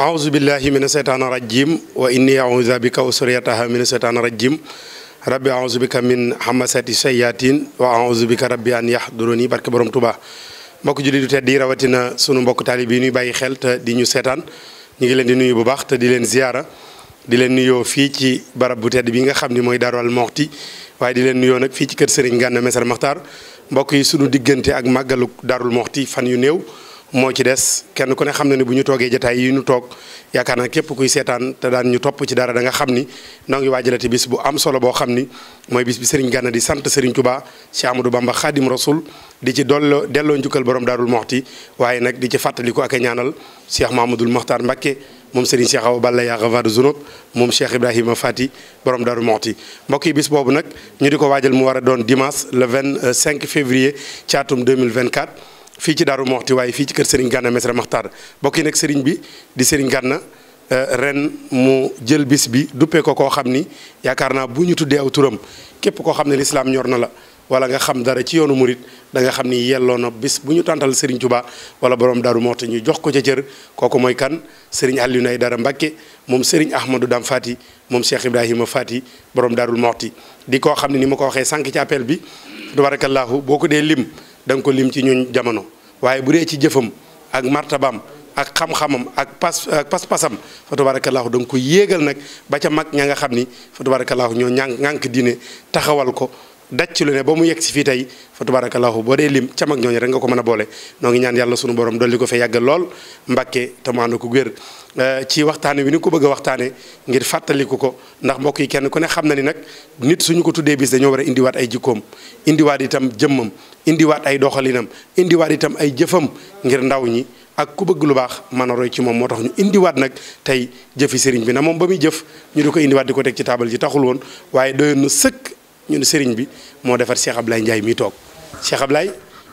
aouzu billahi mina seytaan rajim wa inni aouza bika wa suryataha mina seytaan rajim rabbi aouzu bika min hamasati sayatin wa aouzu bika rabbi an yahduruni barke borom Tuubaa mbokk julli du tedd rawatina sunu mbokk taalib yi ñuy bàyyi xel te di ñu seetaan ñu ngi leen di nuyu bu baax te di leen ziyaara di leen nuyoo fii ci barab bu tedd bi nga xam ni mooy Daaru Almuxti waaye di leen nuyoo nag fii ci kër Serigne Ganna Messere Maxtaar mbokk yi sunu diggante ak màggaluk Daaru Almuxti fan yu néew moo ci des kenn ku ne xam na ne bu ñu toogee jataay yi ñu toog yaakaar na képp kuy seetaan te daan ñu topp ci dara danga xam ni noo ngi waajalati bis bu am solo boo xam ni mooy bis bi Serigne Gana di sant Serigne Touba Cheikh Amadou Bamba Khadim Rasoul di ci dolloo delloo njukkal borom Daarul Moxti waaye nag di ci fàttaliku ak a ñaanal Cheikh Mahamadoul Mokhtar Mbacké moom Serigne Cheikh Awa Balla yaa ghafaru zunub moom Cheikh Ibrahima Fati borom Daarul Moxti mbokk yi bis boobu nag ñu di ko waajal mu war a doon dimanche le 25 février ci atum 2024 fii ci Daaru Moxti waaye fii ci kër Serigne Gana Messere Maxtaar bokk yi nag Serigne bi di Serigne Gana euh, ren mu jël bis bi duppee ko koo xam ni yaakaar naa bu ñu tuddee aw turam képp koo xam ne lislaam ñor na la wala nga xam dara ci yoonu murit da nga xam ni yelloo na bis bu ñu tàntal Serigne Touba wala borom Daaru Moxti ñu jox ko ca cër kooku mooy kan Serigne Alioune dara Mbacké moom Serigne Ahmadou Dame Fati moom Cheikh Ibrahima Fati borom Daaru Moxti di koo xam ne ni ma ko waxee sànq ci appel bi tabarakallahu boo da nga ko lim ci ñun jamono waaye bu dee ci jëfam ak martabaam ak xam-xamam ak pas ak pas-pasam fa tabarakallahu da nga ko yéegal nag ba ca mag ña nga xam ni fa tabarakallahu ñoo ñànk diine taxawal ko daj ci lu ne ba mu yegg si fii tey fa tabarakallahu boo dee lim ca mag ñooñu nga ko mën a boole noo ngi ñaan yàlla sunu borom dolli ko fa yàggal lool mbàkke te mu ànd ko wér eh, ci waxtaane wi ni ko bëgg a waxtaane ngir fàttaliku ko ndax mbokk yi kenn ku ne xam na ni nag nit suñu ko tuddee bis dañoo war a ay jikkoom indiwaat itam jëmmam indiwaat ay doxalinam indiwaat itam ay jëfam ngir ndaw ñi ak ku bëgg lu baax mën a ci moom moo tax ñu indiwaat nag tey jëfi sëriñ bi na moom ba muy jëf ñu di ko indiwaat di ko teg ci taabal ji taxul woon waaye doyoon na sëkk ñu ne sëriñ bi moo defar Cheikh Ablaye Ndiaye mi toog Cheikh Ablaye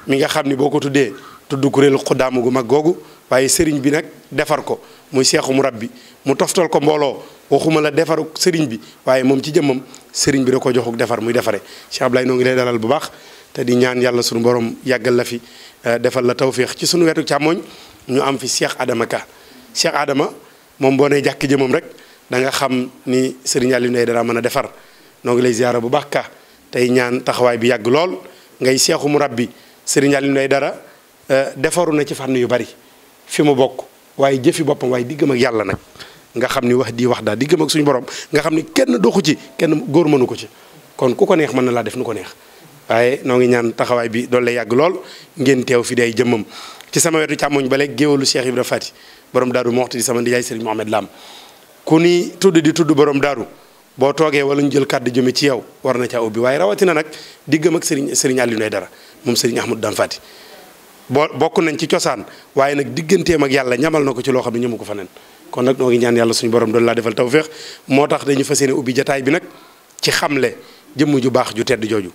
mi nga xam ni boo ko tuddee tudd kuréelu xuddaamu gu mag googu waaye sëriñ bi nag defar ko muy seexu mu rab bi mu toftal ko mbooloo waxuma la defaru sëriñ bi waaye moom ci jëmmam sëriñ bi da ko joxuk defar muy defare Cheikh Ablaye noo ngi lay dalal bu baax te di ñaan yàlla suñu borom yàggal la fi eh, defal la tawféex ci suñu wetu càmmooñ ñu am fi Cheikh Adama Ka Cheikh Adama moom boo nee jàkk jëmmam rek da xam ni sëriñ Aliou Ndeye dara mën a defar noo ngi lay ziara bu baax ka tey ñaan taxawaay bi yàgg lool ngay seexu mu rabbi sëriñ Alioune Ndeye Dara euh, defaru na ci fànn yu bari fi mu bokk waaye jëfi boppam waaye diggam ak yàlla nag nga xam ni wax di wax daal diggam ak suñu borom nga xam ni kenn doxu ci kenn góor mënu ko ci kon ku ko neex mën na laa def nu ko neex waaye noo ngi ñaan taxawaay bi doolu lay yàgg lool ngeen teew fi day jëmmam ci sama wetu càmmoñ ba léegi géewalu Cheikh Ibra Fati borom daaru moo waxtu sama ndiyaay sëriñ Mohamed Lam ku ni tudd di tudd borom daaru boo toogee wala ñu jël kàddu jëme ci yow war na caa ubbi waaye rawatina nag diggam ak sëriñ sëriñ Aliou dara moom sëriñ Ahmadou Dame Faty boo bokk nañ ci cosaan waaye nag digganteem ak yàlla ñamal na ko ci loo xam ne ñamu ko fa nen kon nag noo ngi ñaan yàlla suñu borom doon laa defal taw tawféex moo tax dañu fas yéene ubbi jataay bi nag ci xamle jëmm ju baax ju tedd jooju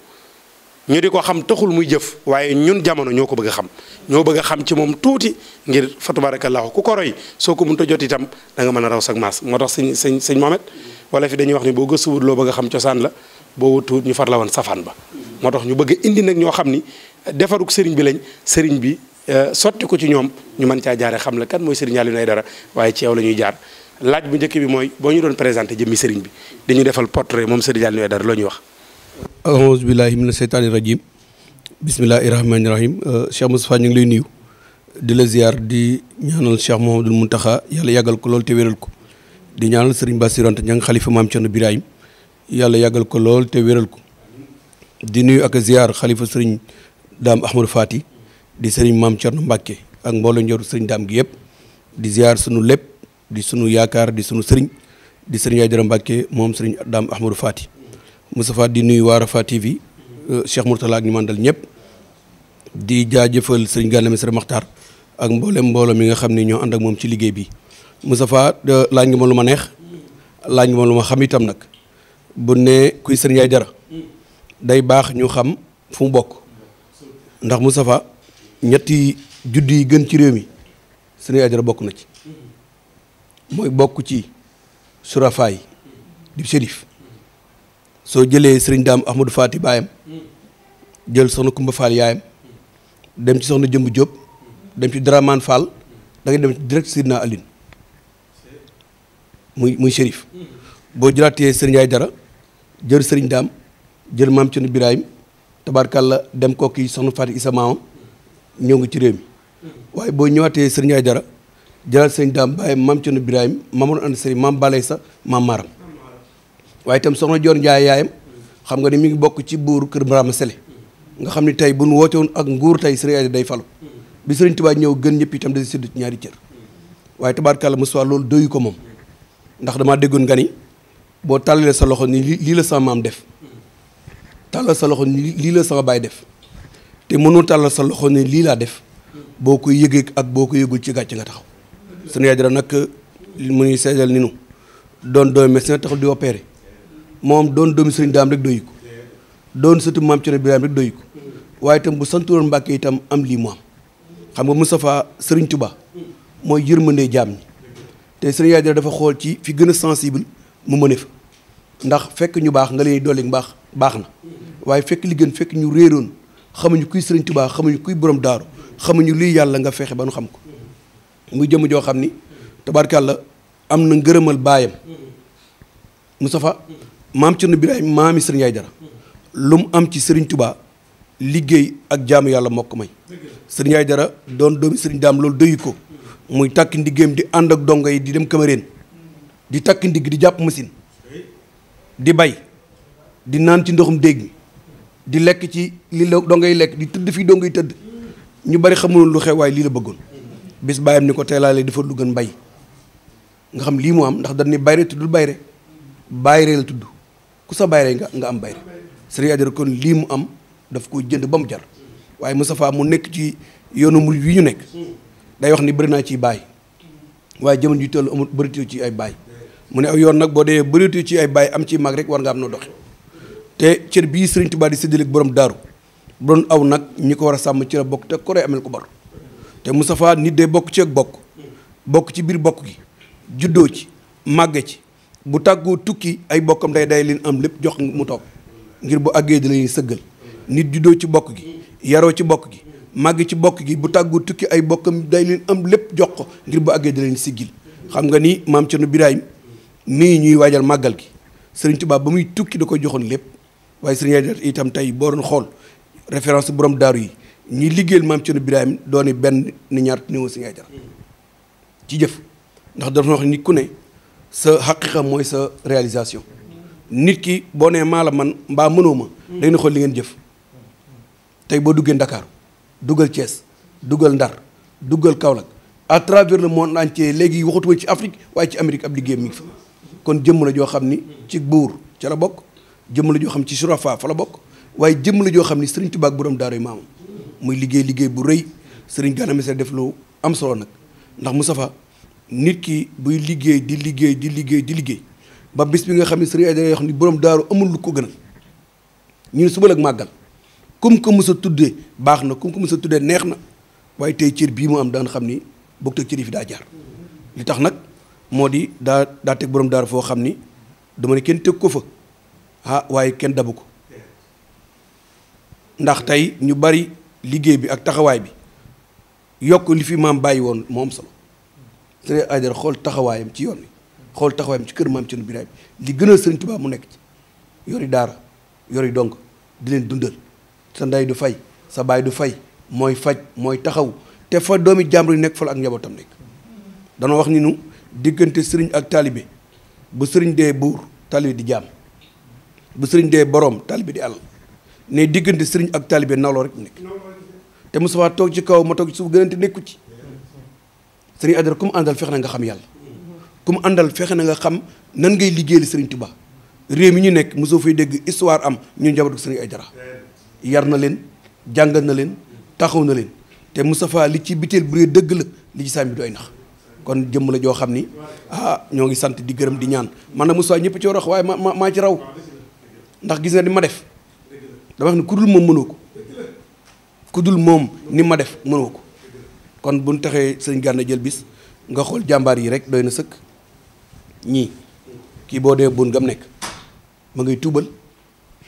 ñu di ko xam taxul muy jëf waaye ñun jamono ñoo ko bëgg a xam ñoo bëgg xam ci moom tuuti ngir fa tabarakallahu ku ko roy soo ko mënta jot itam danga mën a raw sag maas moo tax sëñ sëñ sëñ Mohamed wala fi dañuy wax ni boo gëstuwut loo bëgg xam cosaan la boo wutuut ñu far la woon safaan ba moo tax ñu bëgg indi nag ñoo xam ni defaruk sëriñ bi lañ sëriñ bi euh, sotti ko ci ñoom ñu mën caa jaare xam la kan mooy sëriñ Aliou Aidara waaye ci yow la ñuy jaar laaj bu njëkk bi mooy boo ñu doon présenté jëmmi sëriñ bi dañu defal portrait moom sëriñ Aliou Aidara loo ñuy wax aouzu billahi mina seytaani rajim bismillahi rahmaani rahim euh, Cheikh Moustapha ñu ngi lay nuyu di la ziar di ñaanal Cheikh Mouhamadul Mountakha yàlla yàggal ko lool te wéral ko di ñaanal Serigne Bassirou Anta Niang xalifa maam Cerno Birahim yàlla yàggal ko lool te wéral ko di nuyu ak ziar xalifa Serigne Dame Ahmadou Fati di Serigne maam Cerno Mbacke ak mbooloo njoru Serigne Dame gi yëpp di ziar sunu lépp di sunu yaakaar di sunu Serigne di Serigne Aïdara Mbacke moom Serigne Dame Ahmadou faati Moustapha di nuyu waa Rafah TV euh, Cheikh Mourtala ak ñu mandal ñëpp di jaajëfal sëñ Gana Messere Makhtar ak mboolem mbooloo mi nga xam ne ñoo ànd ak moom ci liggéey bi Moustapha euh, laaj nga ma lu ma neex laañ nga ma lu ma xam itam nag bu ne kuy sëñ ay Dara day baax ñu xam fu mu bokk ndax Moustapha ñetti judd yi gën ci réew mi sëñ Yaay Dara bokk na ci mooy bokk ci surafaay di shérif soo jëlee sëriñ daam Ahmadou Faty baayam jël soxna Kumba Fall yaayam dem ci soxna Jëmb Diop dem ci Dramane Fall da ngay dem direct Sidna Aline muy muy shérif boo jëlaatee sëriñ ay dara jël sëriñ daam jël maam Cerno Birahim la dem kooku yi soxna Faty Issa maamam ñëw nga ci réew mi waaye boo ñëwaatee sëriñ ay dara jëlaat sëriñ daam bàyyi maam Cerno Birahim maamoon ànd sëriñ maam balay maam maaram waaye itam soxna Joor Njaay yaayam xam nga ni mi ngi bokk ci buur kër Marama Sele nga xam ni tey bu nu woote woon ak nguur tey Sëriñ Ayda day falu bi Sëriñ Tuubaa ñëw gën ñëpp itam day sédd ci ñaari cër waaye tabaarkàlla Moussa loolu doyu ko moom ndax damaa déggoon nga ni boo tàllalee sa loxo ni lii la sama def tàllal sa loxo ni lii la sama baay def te mënoo sa loxo ni lii laa def boo ko ak boo ko ci gàcce nga taxaw Sëriñ Ayda nag mu ngi seedal ni nu doon doy médecin taxul di opéré moom doon doomi sëriñ daam rek doyu ko doon sëtu maam Cerno Birahim rek ko waaye itam bu santuloon Mbàkke itam am lii mu xam nga Moustapha sëriñ Tuba mooy yërmandee jaam ñi te sëriñ Yadira dafa xool ci fi gën a sensible mu mëne fa ndax fekk ñu baax nga leen dolli mbaax baax na waaye fekk li gën fekk ñu réeroon xamuñu kuy sëriñ Tuba xamuñu kuy borom daaru xamuñu lii yàlla nga fexe ba nu xam ko muy jëmm joo xam ni tabaarkàlla am na ngërëmal baayam Moustapha maam Cerno Birahim maami Serigne Aydara lu mu am ci Serigne Touba liggéey ak jaamu yàlla moo may Serigne Aydara doon doomi Serigne Daam loolu doyu muy takk di ànd ak dongo yi di dem Cameroun di takk di jàpp machine di bay di naan ci ndoxum dégg mi di lekk ci li la dongay lekk di tëdd fii dongay tëdd ñu bari xamuloon lu xew lii la bëggoon bis bàyyam ni ko teelaale dafa lu gën bay nga xam lii mu am ndax dañ ni bayre tuddul bayre bayre la tudd ku sa bayre nga nga am bayre c'est-à-dire kon lii mu am daf ko jënd ba mu jar waaye Moustapha mu nekk ci yoonu mu wi ñu nekk day wax ni bëri naa ciy baay waaye jamono ji toll amul bëritu ci ay baay mu ne aw yoon nag boo dee bëritu ci ay baay am ciy mag rek war nga am noo doxe te cër bii Serigne Touba di séddale borom daaru bu doon aw nag ñi ko war a sàmm ci la bokk te koree amel ko bor te Moustapha nit de bokk ci ak bokk bokk ci biir bokk gi juddoo ci màgge ci bu tàggoo tukki ay bokkam day day leen am lépp jox mu toog ngir bu àggee di leen sëggal nit juddoo ci bokk gi yaroo ci bokk gi màgg ci bokk gi bu tàggoo tukki ay bokkam day leen am lépp jox ko ngir bu àggee di leen siggil xam nga ni maam Cerno Birahim nii ñuy waajal màggal gi Sëriñ tubaab ba muy tukki da koy joxoon lépp waaye sëriñ itam tey boo doon xool référence borom daaru yi ñuy liggéeyal maam Cerno Birahim doone benn ni ñaar néew si ngay jar ci jëf ndax dafa ni ku ne sa xaqiqa mooy sa réalisation nit ki boo nee maala man mbaa mënoo ma dañ na xool li ngeen jëf tey boo duggee Dakar dugal cees dugal Ndar dugal Kaolack à travers le monde entier léegi waxatuma ci Afrique waaye ci Amérique ab liggéey mi ngi fa kon jëmm la joo xam ni ci buur ca la bokk jëmm la joo xam ci surafa fa la bokk waaye jëmm la joo xam ni Serigne Touba ak borom daaroy maamam muy liggéey liggéey bu rëy Serigne Gana Messere def lu am solo nag ndax Moustapha nit ki buy liggéey di liggéey di liggéey di liggéey ba bis bi nga xam ne sëriñ Aïdara yoo xam ne borom daaru amul lu ko gënal ñun suba la ak màggal kum ko mës a tuddee baax na kum ko mës sa tuddee neex na waaye tey cër bii mu am daan xam ni bokk te cër yi fi daa jaar li tax nag moo di daa daa teg borom daaru foo xam ni dama ne kenn teg ko fa ah waaye kenn dabu ko ndax tey ñu bari liggéey bi ak taxawaay bi yokk li fi maam bàyyi woon moo am solo Serigne Aidara xool taxawaayam ci yoon wi xool taxawaayam ci kër maam Thierno Birahim li gën a Serigne mu nekk ci yori daara yori dong di leen dundal sa ndey du fay sa baay du fay mooy faj mooy taxaw te fa doomi jàmbur yi nekk fa la ak njabootam nekk danoo wax ni nu diggante sëriñ ak taalibe bu sëriñ dee buur taalibe di jaam bu sëriñ dee borom taalibe di àll ne diggante sëriñ ak taalibe nawloo rek nekk te Moustapha toog ci kaw ma toog ci suuf nekku ci sëriñ Aidara ku mu àndal fexe na nga xam yàlla comme àndal fexe na nga xam nan ngay liggéeyal sëriñ Tuubaa réew mi ñu nekk mosoo fay dégg histoire am ñu njabootu ay dara yar na leen jàngal na leen taxaw na leen te Moustapha li ci biteel bu dëgg la li ci saam bi du ay nax kon jëmm la joo xam ni ah ñoo ngi sant di gërëm di ñaan man na Moustapha ñëpp ci war wax waaye ma ma maa ci raw ndax gis na ni ma def dama wax ni ku dul moom mënoo ko ku moom ni ma def mënoo ko kon bu ñu taxee sëñ Gana jël bis nga xool jàmbaar yi rek doy na sëkk ñii kii boo dee bun gam nekk ma ngay tuubal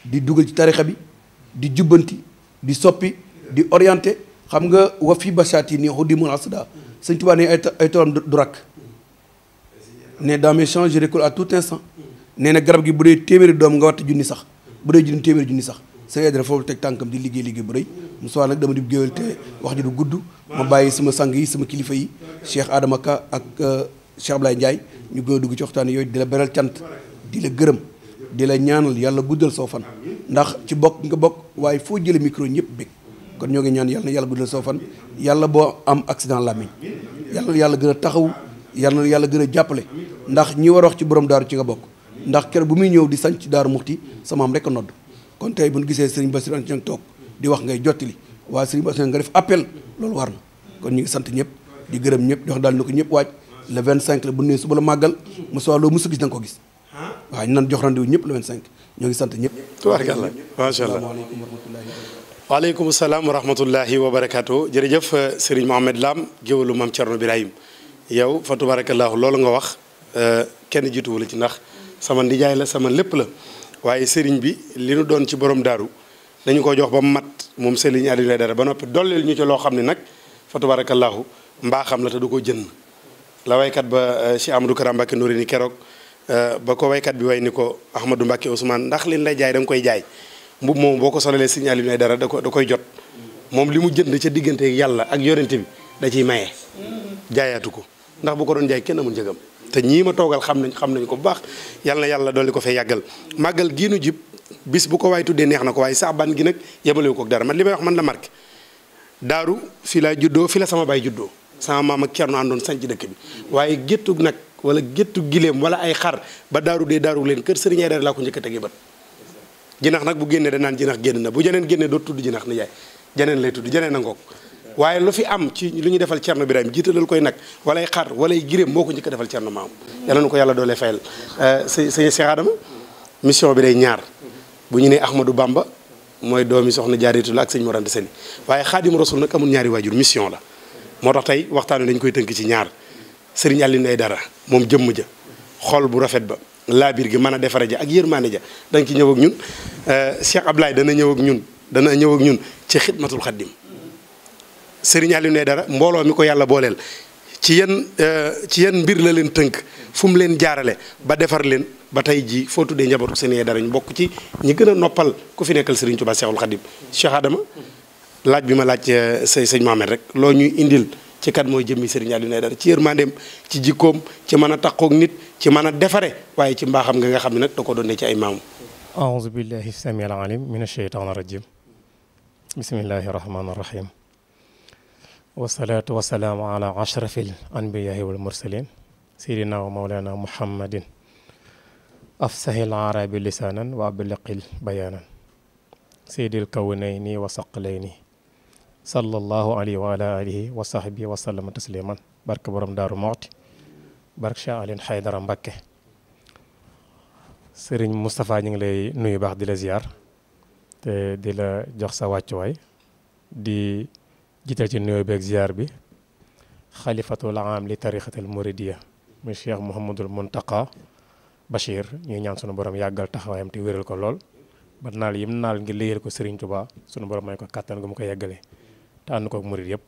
di dugal ci tarixa bi di jubbanti di soppi di orienté xam nga wa fi yi ni xuddi mun asda sëñ Tuubaa ne ay ay toolam du rakk ne dans change champs je récolte à tout instant nee na garab gi bu dee téeméeri doom nga watta junni sax bu dee junni téeméeri junni sax Seye Aidara foofu teg tànkam di liggéey liggéey bu rëy Moussa nag dama di géwél te wax ji du gudd ma bàyyi sama sang yi sama kilifa yi Cheikh Adama Ka ak euh, Cheikh Ablaye Ndiaye ñu gën a dugg ci waxtaan yooyu di la beral cant di la gërëm di la ñaanal yàlla guddal soo fan ndax ci bokk nga bokk waaye foo jële micro ñëpp bég kon ñoo ngi ñaan yàlla yàlla guddal soo fan yàlla boo am accident làmmiñ yàlla yàlla gën a taxaw yàlla yàlla gën a jàppale ndax ñi war a wax ci borom daaru ci nga bokk ndax kër bu muy ñëw di sañ ci daaru muxti sama am rek a nodd kon tey bu ñu gisee sëriñ Bassirou Anta Niang toog di wax ngay jottali waaye sëriñ Bassirou nga def appel loolu war na kon ñu ngi sant ñëpp di gërëm ñëpp di wax daal na ko ñëpp waaj le 25 la bu ne suba la màggal Moussa loo musu gis da nga ko gis waaw ñu jox rendez-vous ñëpp le 25 ñoo ngi sant ñëpp. tubaarkàlla macha allah salaamaaleykum wa rahmatullahi. waaleykum salaam wa rahmatullahi wa barakaatu jërëjëf euh, sëriñ Mohamed Lam géwalu maam Thierno Birahim yow fa tubaarakallahu loolu nga wax euh, kenn jiituwu la ci ndax sama ndijaay la sama lépp la. waaye sëriñ bi li nu doon ci borom daaru dañu ko jox ba mu mat moom sëriñ lay dara ba noppi dolleel ñu ci loo xam ne nag fa tabarakallahu mbaa xam la te du ko jënd la waykat ba euh, Cheikh Amadou Kara Mbacké Nouré ni keroog euh, ba ko bi way ni ko Ahmadou Mbacké Ousmane ndax liñ lay jaay da koy jaay mbub moom boo ko solalee sëriñ Aliou Aïdara da ko da koy jot moom li mu jënd ca diggante yàlla ak yorente bi da ciy maye mm-hmm. jaayaatu ko ndax bu ko doon jaay kenn amul njëgam te ñii ma toogal xam nañ xam nañ ko bu baax yàlla na yàlla dolli ko fee yàggal màggal gii nu jib bis bu ko waay tuddee neex na ko waaye saaban gi nag yemalewu ko dara man li may wax man la marqué daaru fi laa juddoo fi la sama baay juddoo sama maam ak Cerno àndoon sanc dëkk bi waaye géttu nag wala géttu gileem wala ay xar ba daaru dee daaru leen kër sëriñ Aydara laa ko njëkka a tege bët jinax nag bu génnee danaan jinax génn na bu jeneen génnee doo tudd jinax ni jaay jeneen lay tudd jeneen waaye lu fi am ci lu ñu defal Cerno Birahim jiitalal koy nag walay xaar walay giréem moo ko njëkk defal Cerno Maam yal ko yàlla doolee fayal sëñ euh, sëñ mission bi day ñaar bu ñu nee Ahmadou Bamba mooy doomi soxna jaaritu la ak sëñ Mor Anta Sali waaye Xaadimu Rasul nag amul ñaari waajur mission la moo tax tey waxtaan wi dañ koy tënk ci ñaar sëriñ Alioune dara moom jëmm ja xol bu rafet ba laa biir gi mën a defare ja ak yërmaane ja danga ci ñëw ak ñun euh, Cheikh Ablaye dana ñëw ak ñun dana ñëw ak ñun ci xidmatul xaddim Serigne Aliou ne dara mbooloo mi ko yàlla booleel ci yan euh, ci yan mbir la leen tënk fu mu leen jaarale ba defar leen ba tey jii foo tuddee njabootu seen dara ñu bokk ci ñi gën a noppal ku fi nekkal Serigne Touba Cheikhul Khadim Cheikh Adama laaj bi ma laaj euh, say sëñ Mohamed rek loo ñuy indil ci kat mooy jëmmi Serigne Aliou ne dara ci yërmandeem ci jikkoom ci mën a taqoog nit ci mën a defare waaye ci mbaaxam nga nga xam ne nag da ko doon ne ci ay maamu. aouzu billahi samii al alim min acheytaan rajim bismillahi rahmaani rahim. wasalaatu wasalaamu ala ashrafil anbiyaai wal mursalin sayidina wa mawlana muhammadin afsahil arabi lisaanan wa ablaqil bayaanan saydil kawnayni wa saqlayni sallallahu alayhi wa ala alihi wa sahbihi wa sallama tasliman borom daaru moxti barke Cheikh Alioune Haydara Mbacké sëriñ Moustapha ñu ngi lay nuyu baax di la ziar te di la jox sa wàccuwaay di jiite ci nuyoo beeg ziar bi xalifatul aam li tarixatul muridiya mu cheikh Mouhamadul Mountakha Bachir ñuy ñaan sunu borom yàggal taxawaayam te wéral ko lool ba naal yim naal ngir liggéeyal ko Serigne Touba sunu borom may ko kàttan gu ko yeggalee te ko ak yëpp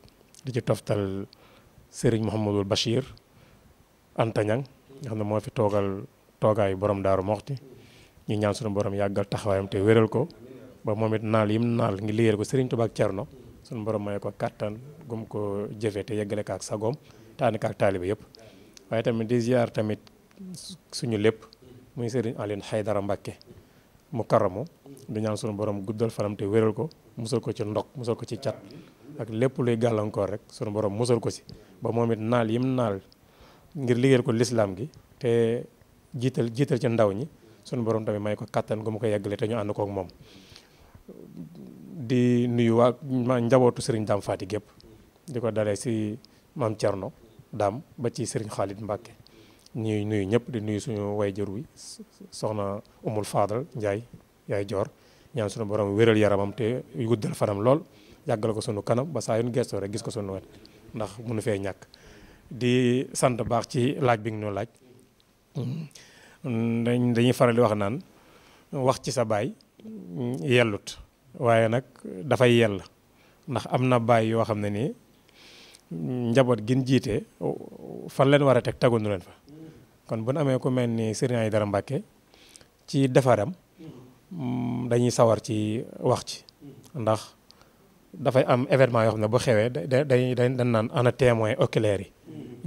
di ci toftal Serigne Mouhamadul Bachir Anta Niang nga moo fi toogal toogaayu borom daaru moxti ñuy ñaan sunu borom yàggal taxawaayam wéral ko moom it naal yim naal ngir liggéeyal ko Serigne Touba ak Thierno. suñu borom may ko kattan gum ko jëfee te yeggale ko ak sagoom te ànd ko yëpp waaye tamit di ziar tamit suñu lépp muy sëriñ Alioune dara Mbacke mu karamu du ñaan suñu borom guddal fanam te wéral ko musal ko ci ndox musal ko ci cat ak lépp luy gàllankoor rek sunu borom musal ko si ba moom it naal yim naal ngir liggéeyal ko lislaam gi te jiital jiital ci ndaw ñi sunu borom tamit may ko kattan gu mu ko yeggale te ñu ànd kook moom di nuyu waa ma njabootu sëriñ Dame faati gépp di ko dalee si maam Thierno Dame ba ci sëriñ xaalit Mbacke ñuy nuyu ñëpp di nuyu suñu wayjur wi soxna Umul faadal njaay yaay joor ñaan sunu borom wéral yaramam te guddal fanam lool yàggal ko sunu kanam ba saa yu nu rek gis ko suñu wet ndax mënu fee ñàkk di sant baax ci laaj bi nga ñu laaj mm, dañuy faral di wax naan wax ci sa baay mm, yellut waaye nag dafay la ndax am na baay yoo xam ne nii njaboot gin jiite fan leen war a teg taguñu leen fa kon bu nu amee ku mel ni Serigne dara Mbacké ci defaram dañuy sawar ci wax ci ndax dafay am événement yoo xam ne boo xewee da dañuy dañ naan ana témoin oculaire yi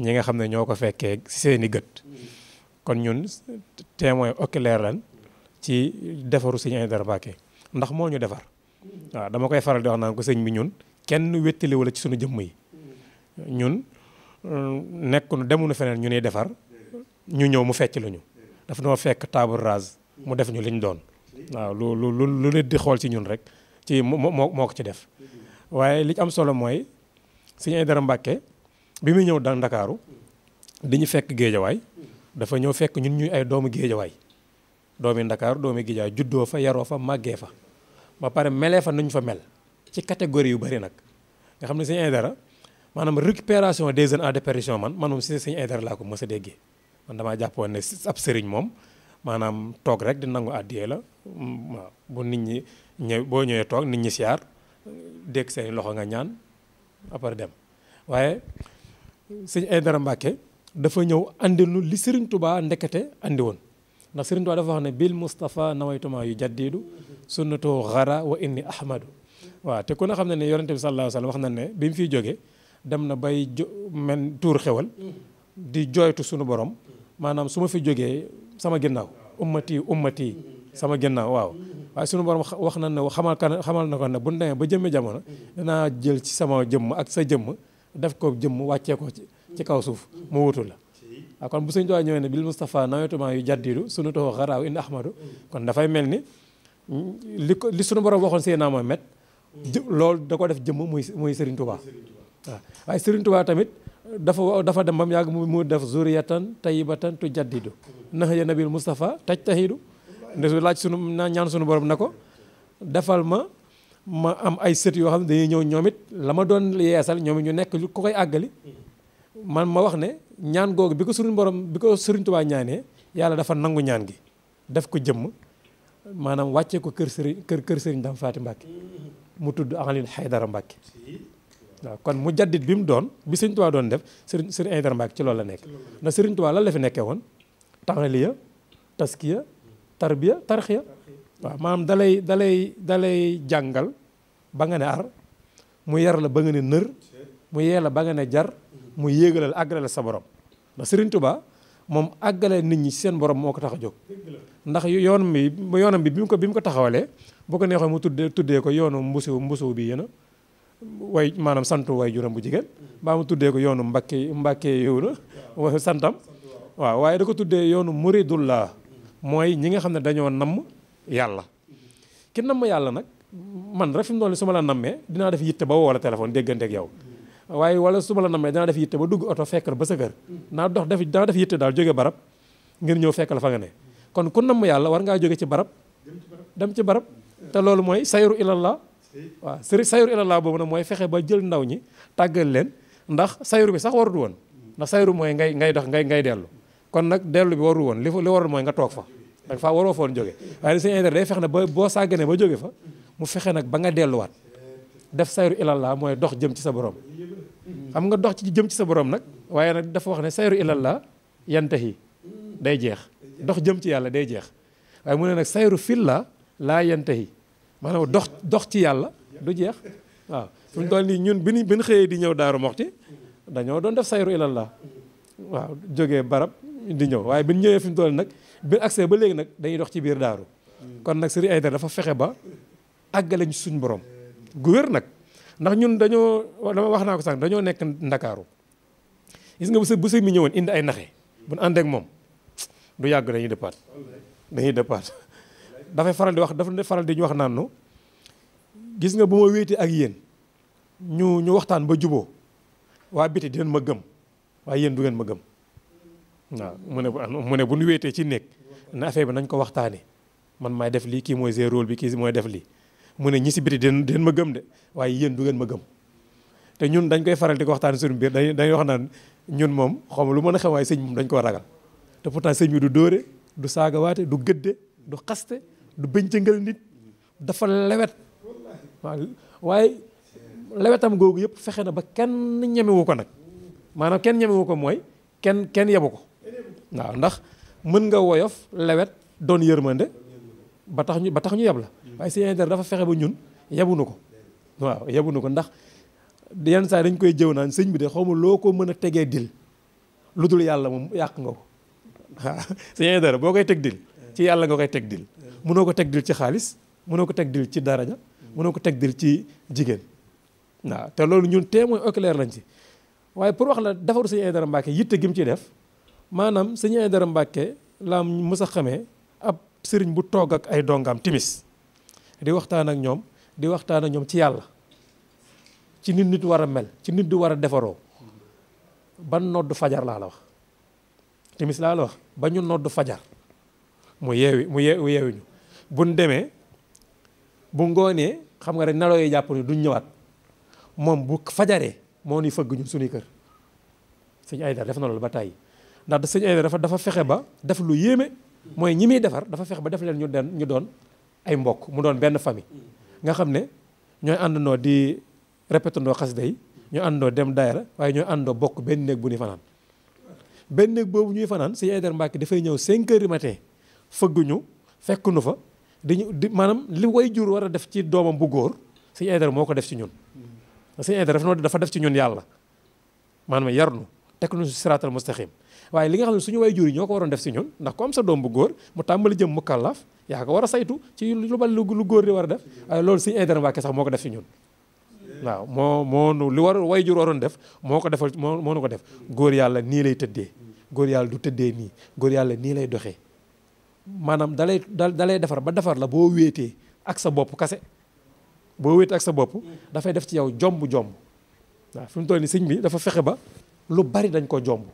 ñi nga xam ne ñoo ko fekkee ci seeni gët kon ñun témoin oculaire lan ci defaru Serigne Aïdara Mbacké ndax moo ñu defar waaw dama koy faral di wax naan ko sëñ bi ñun kenn wéttali wala ci sunu jëmm yi ñun mm, nekk nu demunu feneen ñu nuy defar ñu ñëw mu fecc lu ñu dafa noo fekk table rase mu def ñu liñ doon waaw lu lu lu lu nit di xool ci ñun rek ci moo moo ko ci def waaye li am solo mooy sëñ Aydara Mbàkke bi muy ñëw da ndakaaru diñu fekk géejawaay dafa ñëw fekk ñun ñuy ay doomu géejawaay doomi ndakaaru doomi géejawaay juddoo fa yaroo fa màggee fa ba pare melee fa nañu fa mel ci catégorie yu bëri nag nga xam ne sëñ Aydara maanaam récupération des jeunes en déperdition man man moom si sëñ Aydara laa ko mës a déggee man damaa jàppoon ne ab sëriñ moom maanaam toog rek di nangu àddiyee la mm, waaw bu nit ñi ñëw boo ñëwee toog nit ñi siyaar dégg seen loxo nga ñaan après dem waaye sëñ Aydara Mbàkke dafa ñëw andil lu li sëriñ Touba ndekete andi woon ndax Sëriñ Tuubaa dafa wax ne bil Mustafa nawaytuma yu jaddidu sunnatoo xara wa inni ahmadu waaw te ku ne xam ne ne yonente bi sallallahu wax na ne bi fiy jógee dem na bay jo men di jooytu sunu borom maanaam su ma fi jógee sama ginnaaw ummati ummati sama ginnaaw waaw waaye sunu borom wax na ne xamal kan xamal na ko ne bu demee ba jëmmi jamono danaa jël ci sama jëmm ak sa jëmm def ko jëmm wàccee ko ci kaw suuf mu wutu la Ah, kon bu sëñ Tuubaa ñëwee ne bil Moustapha nawetuma yu jaddidu sunu toxo xaraaw in ahmadu kon dafay mel ni mm, li ko li sunu borom waxoon Seydina Muhammad loolu da ko def jëmm muy muy Serigne Touba waaw waaye Serigne Touba tamit dafa dem ba mu yàgg mu def zuriyatan tayyibatan tu jaddidu nax ya nabil Moustapha taj taxidu ndesu laaj sunu ñaan suñu borom na ko defal ma ma am ay sët yoo xam ne dañuy ñëw ñoom it la ma doon yeesal ñoom ñu nekk ku koy àggali man ma wax ne ñaan googu bi ko sëriñ borom bi ko sëriñ Tuubaa ñaanee yàlla dafa nangu ñaan gi def ko jëmm maanaam wàccee ko kër sëriñ kër kër sëriñ Dame Faty Mbacke mu tudd Alioune Haydara Mbacke waaw kon mu jaddit bi mu doon bi sëriñ Tuubaa doon def sëriñ sëriñ Haydara Mbacke ci loolu la nekk ndax sëriñ Tuubaa lan la fi nekkee woon taxaliya taskiya tarbiya tarxiya waa maanaam dalay dalay dalay jàngal ba nga ne ar mu yar la ba nga ne nër mu yee la ba nga ne jar muy yéegalal la sa borom ndax Serigne Touba moom àggale nit ñi seen borom moo ko tax a jóg. ndax yoon mi yoonam bi bi ko bi ko taxawalee bu ko neexee mu tuddee tuddee ko yoonu mbusu mbusu bi yéen a way maanaam santu way juram bu jigéen. baa mu tuddee ko yoonu mbakke mbàkkee yow la santam. waaw waaye da ko tuddee yoonu muridullah mooy ñi nga xam ne dañoo namm yàlla. ki namm yàlla nag man rek fi mu doon su la nammee dinaa def yitte ba woo la téléphone dégganteek ak yow. waaye wala su ma na namee dana def yitte ba dugg oto fekk la ba sa kër naa dox def dana def yitte daal jóge barab ngir ñëw fekk la fa nga ne kon ku namm yàlla war ngaa jóge ci barab dem ci barab te loolu mooy sayru ilallah waaw sëri sayru laa boobu nag mooy fexe ba jël ndaw ñi tàggal leen ndax sayru bi sax warut woon ndax sayru mooy ngay ngay dox ngay ngay dellu kon nag dellu bi waru woon li li waroon mooy nga toog fa da faa waroo foon jóge waaye day fexe na ba boo sàgganee ba jóge fa mu fexe nag ba nga delluwaat def sayru laa mooy dox jëm ci sa borom xam nga dox ci jëm ci sa boroom nag waaye nag dafa wax ne sayru ilallah yantahi day jeex dox jëm ci yàlla day jeex mu ne nag sayru fillah laa yantahi maanaam dox dox ci yàlla du jeex waaw suñu doon nii ñun bi ñu bi xëyee di ñëw Daaru Moxti dañoo doon def sayru ilallah waaw jógee barab di ñëw waaye bi ñëwee fi mu toll nag bi accès ba léegi nag dañuy dox ci biir daaru kon nag Serigne Aïdara dafa fexe ba àggale ñu suñ borom gu nag ndax ñun dañoo dama wax naa ko sànq dañoo nekk ndakaaru gis nga bu sa bu sëñ mi ñëwoon indi ay naxe bu ñu àndeek moom du yàgg dañuy départ dañuy départ dafay faral di wax dafa faral di ñu wax naan nu gis nga ba ma wéetee ak yéen ñu ñu waxtaan ba juboo waa biti dinañ ma gëm waaye yéen du ngeen ma gëm waaw mu ne mu ne bu ñu wéetee ci néeg na affaire bi nañ ko waxtaanee man maay def lii kii mooy zéro bi kii mooy def lii mu ne ñi si biti den den ma gëm de waaye yéen du ngeen ma gëm te ñun dañ koy faral di ko waxtaan suñu biir dañuy dañuy wax naan ñun moom xaw lu mën a xew waaye sëñ moom dañ koo ragal te pourtant sëñ bi du dóore du saaga waate du gëdde du xaste du bëncëngal nit dafa lewet waaye lewetam googu yëpp fexe na ba kenn ñemewu ko nag maanaam kenn ñemewu ko mooy kenn kenn yebu ko waaw ndax mën nga woyof lewet doon yërmande ba tax ñu ba tax ñu yeb la waaye Sëñ Aïdara dafa fexe ba ñun yebu yabunu ko waaw nu ko ndax yenn saa dañ koy jëw naan sëñ bi de xaw ma loo ko mën a tegee dil lu dul yàlla moom yàq nga ko boo koy teg dil ci yàlla nga koy teg dil mënoo ko teg dil ci xaalis mënoo ko teg dil ci daraja mënoo ko teg dil ci jigéen waaw te loolu ñun tee mooy oculaire lañ ci waaye pour wax la defaru Sëñ Aïdara Mbàkke yitte gi mu ciy def maanaam Sëñ Aïdara Mbàkke laam mës a xamee ab sëriñ bu toog ak ay dongaam timis di waxtaan ak ñoom di waxtaan ak ñoom ci yàlla ci nit nit war a mel ci nit du war a defaroo ban noddu fajar laa la wax timis laa la wax ba ñu noddu fajar mu yeewi mu yeewi ñu buñ demee bu ngoonee xam nga rek naloo yi jàpp ni duñ ñëwaat moom bu fajaree moo ni fëgg ñun suñuy kër sëñ Aydara def na ba tàyyi ndax sëñ Aydara dafa dafa fexe ba def lu yéeme mooy ñi muy defar dafa fexe ba def leen ñu den ñu doon ay mbokk mu doon benn famille nga xam ne ñooy àndandoo di répétandoo xas yi ñooy àndandoo dem daayra waaye ñooy àndandoo bokk benn néeg bu ñuy fanaan benn néeg boobu ñuy fanaan sëñ Aydara Mbàkke dafay ñëw 5 heures du matin fëgg ñu fekk nu fa diñu di maanaam li koy jur war a def ci doomam bu góor sëñ Aydara moo ko def ci ñun sëñ Aydara dafa def ci ñun yàlla maanaam yarnu teg nu si siraatal waaye li nga xam ne suñu way jur yi ñoo ko waroon def si ñun ndax ku am sa doom bu góor mu tàmbali jëm mu kàllaaf yaa ko war a saytu ci lu bal lu góor di war a def waaye loolu si Aydara Mbàkke sax moo ko def si ñun waaw moo moonu li war way jur waroon def moo ko defal moo moo nu ko def góor yàlla nii lay tëddee góor yàlla du tëddee nii góor yàlla nii lay doxee maanaam dalay dalay defar ba defar la boo wéetee ak sa bopp kase boo wéetee ak sa bopp dafay def ci yow jomb jomb waaw fi mu toll nii sëñ bi dafa fexe ba lu bari dañ ko jomb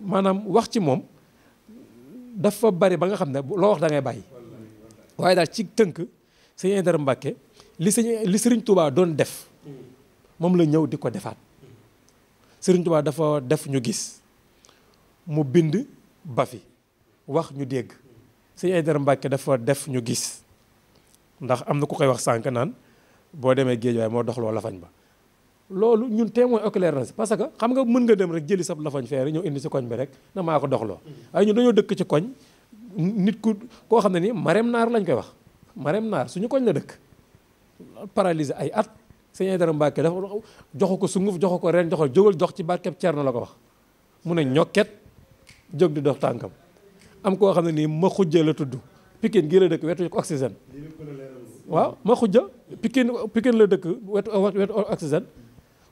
maanaam wax ci moom dafa bari ba nga xam ne loo wax dangay ngay bàyyi waaye daal ci tënk sëñ Aïdara Mbàkke li sëñ li sëriñ Touba doon def moom la ñëw di ko defaat sëriñ Touba dafa def ñu gis mu bind ba wax ñu dégg sëñ Aïdara Mbàkke dafa def ñu gis ndax am na ku koy wax sànq naan boo demee géej waaye moo dox loo lafañ ba loolu ñun témoin oculaire la si parce que xam nga mën nga dem rek jëli sab lafañ feere ñëw indi si koñ bi rek na maa ko doxloo waaye ñun dañoo dëkk ci koñ nit ku koo xam ne ni marem naar lañ koy wax marem naar suñu koñ la dëkk ay at sëñ Aydara Mbàkke dafa joxu ko sunguf joxu ko ren joxo jógal dox ci barkeb Cerno la ko wax mu ne ñokket jóg di dox tànkam am koo xam ne nii ma xujja la tudd Pikine gii la dëkk wetu oxygène waaw ma xujja Pikine Pikine la dëkk wetu wetu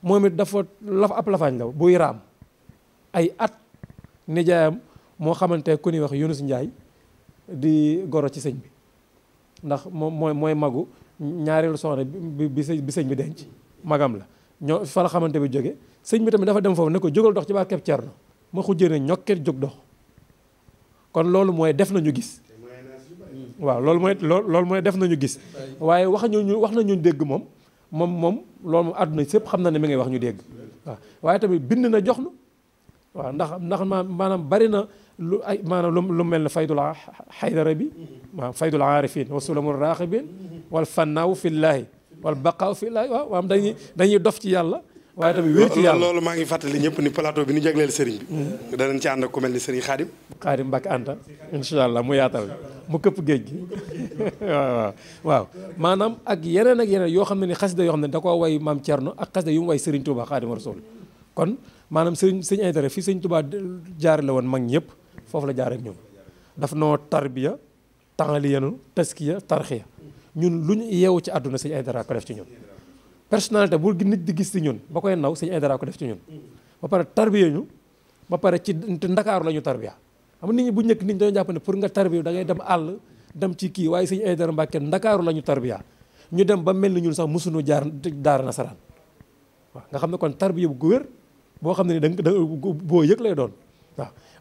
moom it dafa laf ab lafaañ la buy raam ay at nijaayam moo xamante ku ñuy wax Yunus Njaay di goro ci sëñ bi ndax moom mooy mooy magu ñaareelu soxna bi bi sëñ bi denc magam la ñoo fa la xamante bi jóge sëñ bi tamit dafa dem foofu ne ko jógal dox ci baa keb na ma xujjee ne ñokket jóg dox kon loolu mooy def nañu gis waaw loolu mooy loolu mooy def nañu gis waaye wax ñu wax nañu dégg moom moom moom loolu moom àdduna sépp xam na ne mi ngay wax ñu dégg waaw waaye tamit bind na jox nu waaw ndax ndax maanaam bari na lu ay maanaam lu lu mel ne faydul xaydara bi waaw faydul aarifin wa sulamul raaxibin wal fannaaw fillaahi wal baqaaw fillaahi waaw waaw dañuy dañuy dof ci yàlla waaye tamit wér ci yàlla loolu maa ngi fàttali ñëpp ni palaato bi ni jagleel sëriñ bi hmm. danañ ci ànd ak ku mel ni sëriñ xaadim xaadim Mbàkke Anta incha allah mu yaatal mu këpp géej gi waaw waaw waaw maanaam ak yeneen ak yeneen yoo xam ne ni xasida yoo xam ne da koo way maam Thierno ak xasida yu mu way Serigne Touba Xaadimu Rasuul kon maanaam sëñ sëñ intérêt fii sëñ Touba jaare la woon mag ñëpp foofu la jaare ak ñoom daf noo tarbiya taaliyanu taskiya tarxiya ñun lu ñu yeewu ci àdduna sëñ intérêt ko def ci ñun personnalité bu nit di gis ci ñun ba koy naw sëñ intérêt ko def ci ñun ba pare tarbiya ñu ba pare ci ndakaaru la ñu tarbiya xam nit ñi bu njëkk nit ñi dañoo jàpp ne pour nga tarbiya da ngay dem àll dem ci kii waaye sëñ Aydara Mbàkke ndakaaru lañu ñu tarbiya ñu dem ba mel ni ñun sax mosuñu jaar daara nasaraan waaw nga xam ne kon tarbiya bu wér boo xam ne ni danga boo yëg lay doon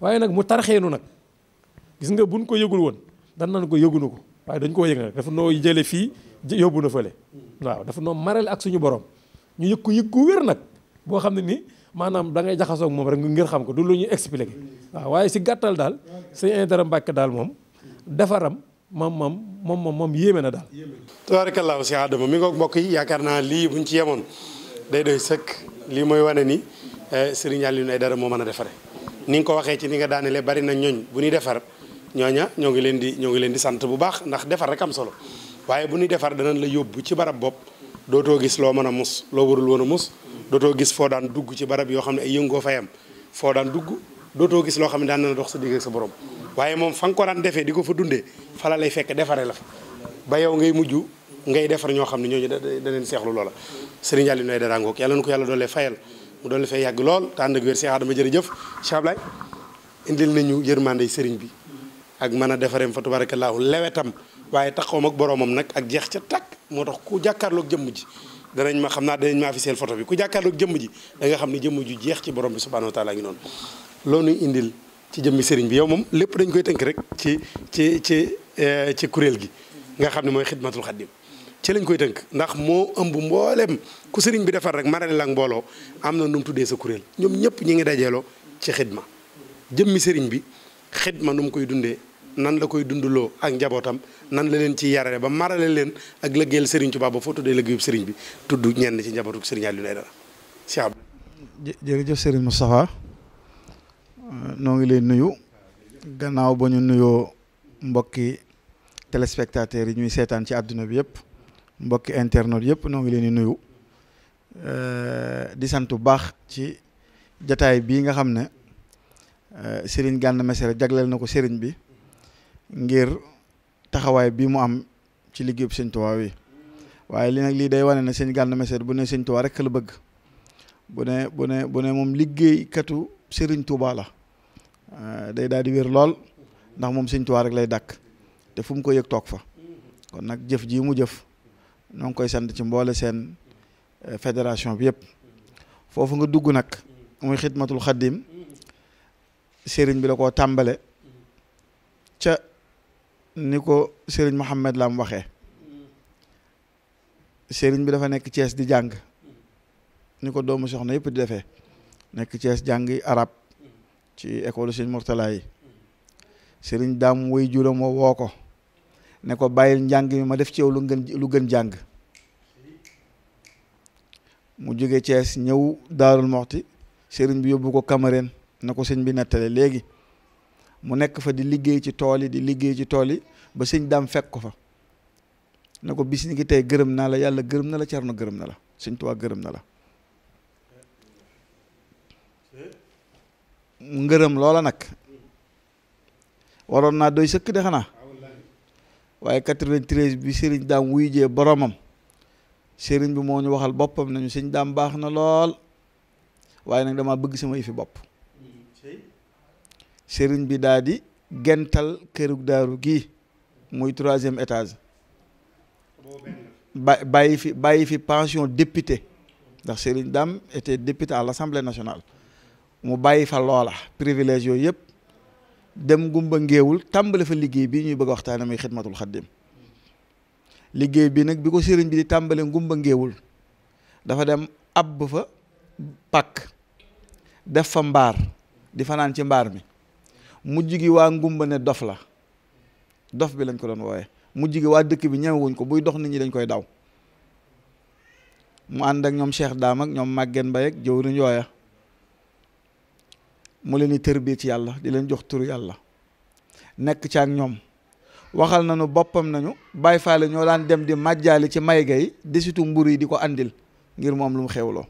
waaye nag mu tarxeenu nag gis nga buñ ko yëgul woon dan nan ko yëgunu ko waaye dañ koo yëg nag dafa noo jële fii yóbbu na fële waaw dafa noo maral ak suñu borom ñu yëg ko yëg gu wér nag boo xam ne nii maanaam da ngay jaxasoog moom rek ngir xam ko du lu ñuy expliqué waaw waaye si gàttal daal sëñ Aïdara Mbàkke daal moom defaram moom moom moom moom moom yéeme na daal tabaarakallaahu si Adama mi ngoog mbokk yi yaakaar naa lii bu buñ ci yemoon day doy sëkk lii mooy wane ni eh, Serigne Alioune dara moo mën a defare ni nga ko waxee ci ni nga daanelee bari na ñooñ bu ñuy defar ñooña ñoo ngi leen di ñoo ngi leen di sant bu baax ndax defar rek am solo waaye bu ñuy defar danañ la yóbbu ci barab bopp dootoo gis loo man a mus loo warul woon a mus dootoo gis foo daan dugg ci barab yoo xam ne ay yëngoo fayam foo daan dugg dootoo gis loo xam ne daan na dox sa digg ak sa borom waaye moom fa ko daan defee di ko fa dundee fala lay fekk defaree la fa ba yow ngay mujj ngay defar ñoo xam ne ñooñu da leen seexlu loola Serigne Aliou Noy Dara ngoog yàlla na ko yàlla doole fayal mu doole fay yàgg lool te ànd ak wér Cheikh Adama jërëjëf Cheikh Ablaye indil nañu yërmande sëriñ bi ak mën a defareem fa tubarakallaahu lewetam waaye taxawam ak boromam nag ak jeex ca moo tax ku jàkkaarloog jëmm ji danañ ma xam naa danañ maa fi seen photo bi ku jàkkaarloog jëmm ji da xam ne jëmm ju jeex ci borom bi subhanahu wa taala ngi noonu loolu indil ci jëmmi sëriñ bi yow moom lépp dañ koy tënk rek ci ci ci eh, ci kuréel gi nga xam ne mooy xidmatul xaddim ci lañ koy tënk ndax moo ëmb mboolem ku sëriñ bi defar rek marale la mbooloo am na nu mu tuddee sa kuréel ñoom ñëpp ñu ngi dajeeloo ci xidma jëmmi sëriñ bi xidma nu mu koy dundee nan la koy dundaloo ak njabootam nan la leen ci yarale ba marale leen ak lëggeel Serigne Touba ba foo tuddee lëggéeyub Serigne bi tudd ñenn ci njabootu Serigne Aliou Aïdara si ab sëriñ mu Moustapha euh, noo ngi leen nuyu gannaaw ba ñu nuyoo mbokki téléspectateurs yi ñuy seetaan ci àdduna bi yëpp mbokki internet yëpp noo ngi leen di nuyu euh, di sant bu baax ci jataay bii nga xam ne euh, Serigne Gana Messere jagleel na ko Serigne bi ngir taxawaay bii mu am ci liggéeyub sëñ Tuubaa wi waaye li nag lii day wane na sëñ Gana Messere bu ne sëñ Tuubaa rek la bëgg bu ne bu ne bu ne moom liggéeykatu sëriñ Tuubaa la euh, day daal di wér lool ndax moom sëñ Tuubaa rek lay dàkk te fu mu ko yëg toog fa kon nag jëf jii mu jëf ñoo ngi koy sant ci mboole seen euh, fédération bi yëpp foofu nga dugg nag muy xidmatul xaddim sëriñ bi da ko tàmbale ca ni ko sëriñ Mouhamed Lam waxe sëriñ bi dafa nekk Thiès di jàng ni ko doomu soxna yëpp di defe nekk Thiès jàngi arab ci école sëriñ Mourtala yi sëriñ daam woy juróom moo woo ko ne ko bàyyil njàng mi ma def ci yow lu gën jàng mu jóge Thiès ñëw Daarul Moxti sëriñ bi yóbbu ko Cambérène na ko sëñ bi nettale léegi mu nekk fa di liggéey ci tool yi di liggéey ci tool yi ba sëñ daam fekk ko fa na ko bis ni ki tey gërëm naa la yàlla gërëm na la Cerno gërëm na la sëñ Tuubaa gërëm na la ngërëm loola nag waroon naa doy sëkk de xanaa waaye 93 bi sëriñ daam wuy jee boromam sëriñ bi moo ñu waxal boppam nañu sëñ daam baax na lool waaye nag damaa bëgg sama yëfi bopp sëriñ bi daal di gental kërug daaru gii muy troisième étage ba bàyyi fi bàyyi fi pension député ndax sëriñ Dame était député à l'Assemblée nationale mu bàyyi fa loola privilège yooyu yëpp dem gumba ngéewul tàmbale fa liggéey bi ñuy bëgg a waxtaane muy xidmatul xaddim liggéey bi nag bi ko sëriñ bi di tàmbale ngumba ngeewul dafa dem ab fa pakk def fa mbaar di fanaan ci mbaar mi mujj gi waa ngumba ne dof la dof bi lañ ko doon wooye mujj gi waa dëkk bi ñemewuñ ko buy dox nit ñi dañ koy daw mu ànd ak ñoom Cheikh Daam ak ñoom màgget Mbaye ak jëwriñ yooya mu leen di tërbi ci yàlla di leen jox turu yàlla nekk ci ak ñoom waxal nañu boppam nañu Baay Faal ñoo daan dem di màjjaali ci may gay desitu mburu yi di ko andil ngir moom am lu mu xewloo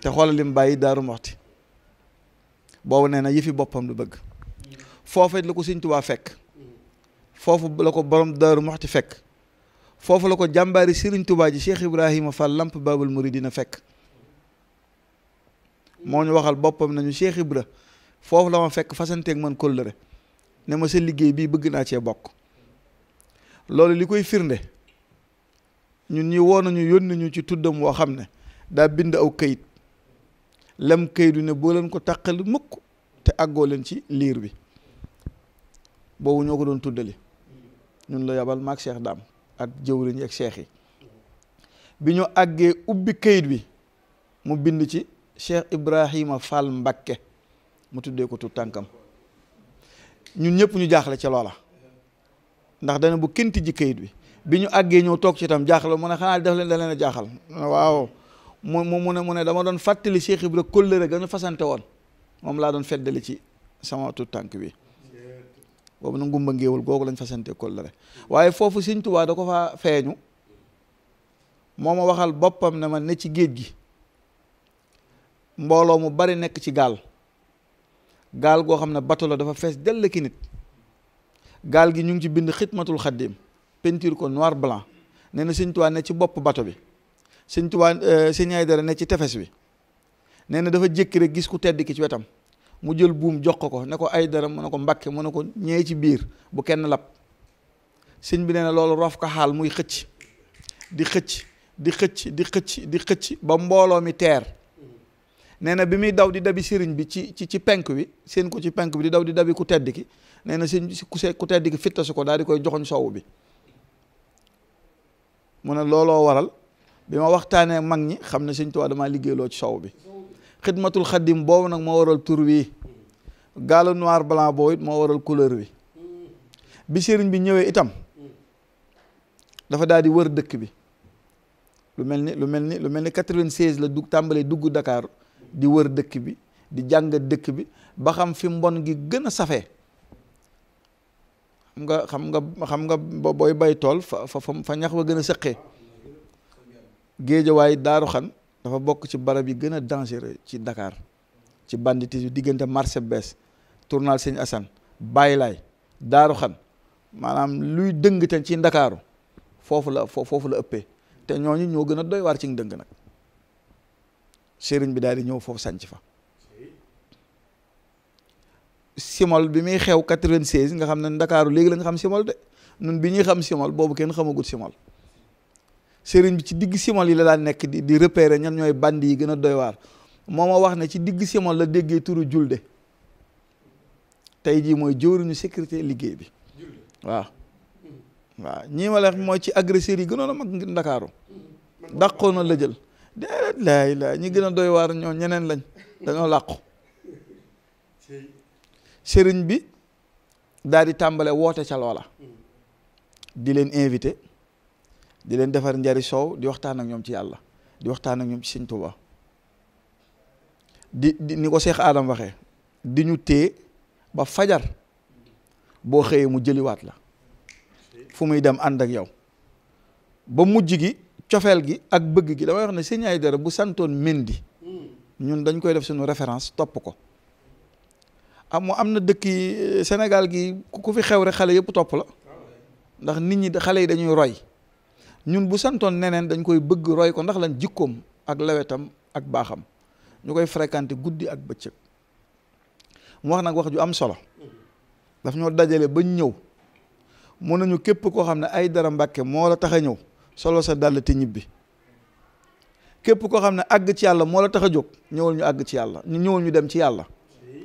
te xoolal lim bàyyi daaru moxti boobu nee na yëfi boppam lu bëgg foofa la ko sëñ Tuubaa fekk foofu la ko borom Daaru Muxti fekk foofu la ko jàmbaari sëriñ Tuubaa ji Cheikh Ibrahima Fall Lamp Baabul dina fekk moo ñu waxal boppam nañu Cheikh Ibra foofu la ma fekk fasanteeg man kóllëre ne ma sa liggéey bii bëgg naa cee bokk loolu li koy firnde ñun ñi woo nañu yónni ñu ci tuddam woo xam ne daa bind aw kayit lam kayitu ne boo leen ko taqal mukk te àggoo leen ci liir bi boobu ñoo ko doon tuddali ñun la yabal maag Cheikh Daam ak jëwriñ ak cheikh yi bi ñu àggee ubbi kayit bi mu bind ci Cheikh Ibrahima Fall Mbakke mu tuddee ko tu tànkam ñun ñëpp ñu jaaxle ci loola ndax dana bu kinti ji kayit bi bi ñu àggee ñëw toog ci itam jaaxle mu ne xanaa def leen da leen a jaaxal waaw mu mu ne mu ne dama doon fàttali Cheikh Ibra kóllëre ga ñu fasante woon moom laa doon feddali ci sama tu tànk bi boobu nag ngumba ngéewul googu lañ fasante kóllëre waaye foofu sëñ Tuubaa da ko faa feeñu moo ma waxal boppam ne ma ne ci géej gi mbooloo mu bari nekk ci gaal gaal goo xam ne bato la dafa fees dell ki nit gaal gi ñu ngi ci bind xidmatul xaddim peinture ko noir blanc nee na sëñ Tuubaa ne ci bopp bato bi sëñ Tuubaa euh, sëñ Aydara ne ci tefes bi nee na dafa jékki rek gis ku tedd ki ci wetam mu jël buum jox ko ko ne ko ay dara mu ne ko mbakke mu ne ko ñee ci biir bu kenn lab sëñ bi nee na loolu rof ko xaal muy xëcc di xëcc di xëcc di xëcc di xëcc ba mbooloo mi teer nee na bi muy daw di dabi sëriñ bi ci ci ci penk bi seen ko ci penk bi di daw di dabi ku tedd ki nee na sëñ ku tedd ki fittasu ko daal di koy joxoñ soow bi mu ne looloo waral bi ma waxtaanee mag ñi xam ne sëñ Tuubaa damaa liggéeyloo ci soow bi xidmatul xaddim boobu nag moo waral tur wi gaalu noir blanc boobu it moo waral couleur bi bi sëriñ bi ñëwee itam dafa daal wër dëkk bi lu mel ni lu mel ni lu mel ni quatre-vingt-seize la dugg tàmbalee dugg Dakar di wër dëkk bi di jàngat dëkk bi ba xam fi mbon gi gën a safee xam nga xam nga xam nga booy bay tool fa fa fa ñax wa gën a sëqee géejawaay daaru xan dafa bokk ci barab yi gën a dangereux ci ndakaar ci banditisme diggante marché bees tournal Sëñ Assane Baye Laye Daaru Xan maanaam luy dëng te ci Ndakaaru foofu la foofu la ëppee te ñooñu ñoo gën a doy waar ci dëng nag sëriñ bi daal di ñëw foofu sanc fa simol bi muy xew 96 nga xam ne Ndakaaru léegi la nga xam simol de ñun bi ñuy xam simol boobu kenn xamagut simol sëriñ bi ci digg simol yi la daan nekk di di ñan ñooy band yi gën a doy waar moo ma wax ne ci digg simol la déggee turu julde tey jii mooy jëwriñu sécurité liggéey bi waaw waaw ñii ma la mooy ci agresseurs yi gënoon a mag Ndakaaru dàqoon a la jël déedéet laay ñi gën a doy waar ñoo ñeneen lañ dañoo làqu sëriñ bi daal di tàmbale woote ca loola di leen invité di leen defar njari soow di waxtaan ak ñoom ci àlla di waxtaan ak ñoom ci sëñ Tuubaa di di ni ko Seex Aadam waxee di ñu téye ba fajar boo xëyee mu jëliwaat la fu muy dem ànd ak yow ba mujj gi cofeel gi ak bëgg gi damay wax ne ay dara bu santoon Mendy ñun dañ koy def suñu référence topp ko am ah, mu am na dëkk yi senegal gi ku fi xew rek xale yëpp topp la ndax nit ñi xale yi dañuy roy ñun bu santoon neneen dañ koy bëgg roy ko ndax lan jikkoom ak lawetam ak baaxam ñu koy fréquenté guddi ak bëccëg mu wax nag wax ju am solo daf ñoo dajale bañ ñëw mun nañu képp koo xam ne ay dara mbàkke moo la tax a ñëw solo sa dàll te ñibbi képp koo xam ne àgg ci yàlla moo la tax a jóg ñëwal ñu àgg ci yàlla ñu ñëwal ñu dem ci yàlla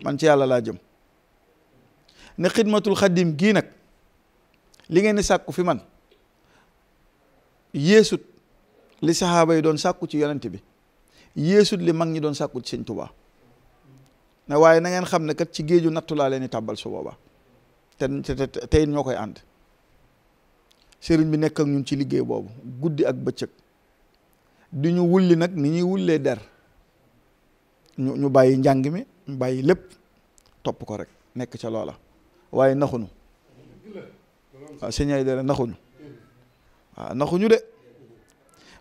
man ci yàlla laa jëm ne xidmatul xadim gii nag li ngeen sàkku fi man yéesut li saxaaba yi doon sàkku ci yonent bi yéesut li mag ñi doon sàkku ci seen Tuubaa na waaye nangeen xam ne kat ci géeju nattu laa leen di tàbbal su booba te te tey ñoo koy ànd sëriñ bi nekk ak ñun ci liggéey boobu guddi ak bëccëg du ñu wulli nag ni ñuy wullee der ñu ñu bàyyi njàng mi bàyyi lépp topp ko rek nekk ca loola waaye naxuñu waaw sëñ ay waaw ah, ñu de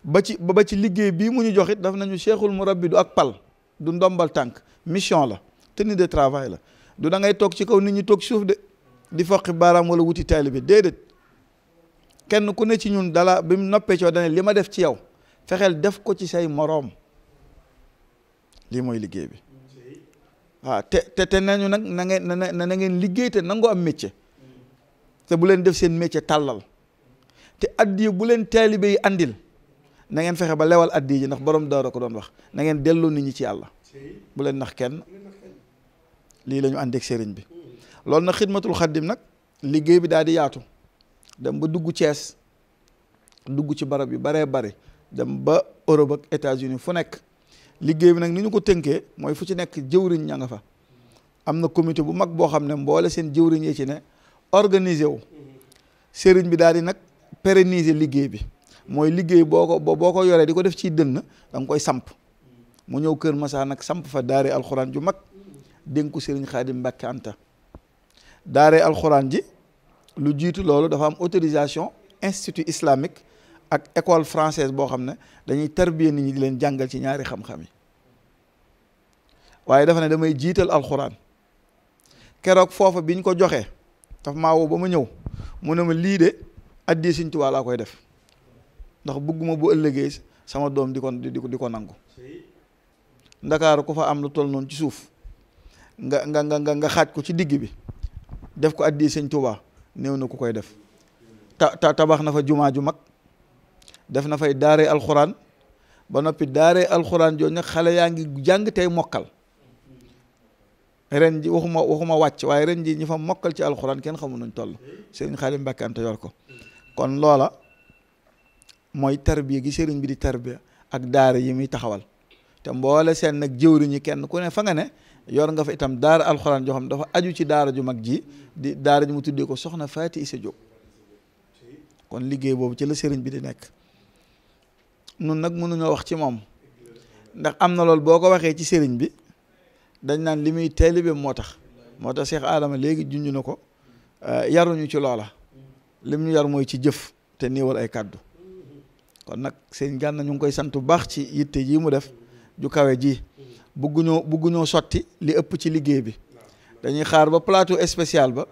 ba ci ba ci liggéey bii mu ñu joxit daf nañu cheikhul murabbi du ak pal du ndombal tànk mission la tenue de travail la du da ngay toog ci kaw nit ñi toog suuf de di foqi baaraam wala wuti taalibe déedéet kenn ku ne ci ñun dala bi mu noppee ci dane li ma def ci yow fexeel def ko ci say moroom lii mooy liggéey bi waaw ah, te te te nañu nag na na ngeen liggéey nangoo am métier te bu leen def seen métier tàllal te addiya bu leen taalibe yi àndil na ngeen fexe ba lewal addiya ji ndax borom daara ko doon wax na ngeen delloo nit ñi ci yàlla bu leen nax kenn lii lañu ñu àndeeg sëriñ bi loolu nag xidmatul xaddim nag liggéey bi daal di yaatu dem ba dugg Cees dugg ci barab yu baree bari dem ba Europe ak États-Unis fu nekk liggéey bi nag ni ñu ko tënkee mooy fu ci nekk jëwriñ ña nga fa am na comité bu mag boo xam ne mboole seen jëwriñ yi ci ne organiser wu mm-hmm. sëriñ bi daal di nag pérenniser liggéey bi mooy liggéey boo ko boo ko yoree di ko def ciy dënn da koy samp mu ñëw Kër Masaa nag samp fa daaree alxuraan ju mag dénku Serigne Khadim Mbacke Anta daare alxuraan ji lu jiitu loolu dafa am autorisation institut islamique ak école française boo xam ne dañuy tarbiye nit ñi di leen jàngal ci ñaari xam-xam yi waaye dafa ne damay jiital alxuraan keroog foofa biñ ko joxee dafa maa woo ba ma ñëw mu ne ma lii de addi Sëñ Tuubaa laa koy def ndax bëgguma bu ëllëgee sama doom di ko di ko di ko nangu ndakaaru ku fa am lu toll noonu ci suuf nga nga nga nga xaaj ko ci digg bi def ko addi Sëñ Tuubaa néew na ku koy def ta tabax na fa jumaa ju mag def na fay daaree alxuraan ba noppi daaree alxuraan jooju nag xale yaa ngi jàng tey mokkal ren ji waxuma waxuma wàcc waaye ren ji ñi fa mokkal ci alxuraan kenn xamu nuñ toll Sëriñ Xaadim Mbàkke Anta yor ko kon loola mooy tarbiya gi sëriñ bi di tarbiya ak daara yi muy taxawal te mboole seen nag jëwriñi kenn ku ne fa nga ne yor nga fa itam daara alxuraan joo xam dafa aju ci daara ju mag ji di daara ju mu tuddee ko soxna Faati Isa Jóob kon liggéey boobu ci la sëriñ bi di nekk nun nag mënuñoo wax ci moom ndax am na loolu boo ko waxee ci sëriñ bi dañ naan li muy taalibe moo tax moo tax Cheikh Adama léegi junj na ko euh, yaruñu ci loola lim ñu yar mooy ci jëf te néewal ay kàddu kon nag sëñ Gana ñu ngi koy sant bu baax ci yitte jii mu def ju kawe ji bugguñoo bugguñoo sotti li ëpp ci liggéey bi dañuy xaar ba plateau spécial ba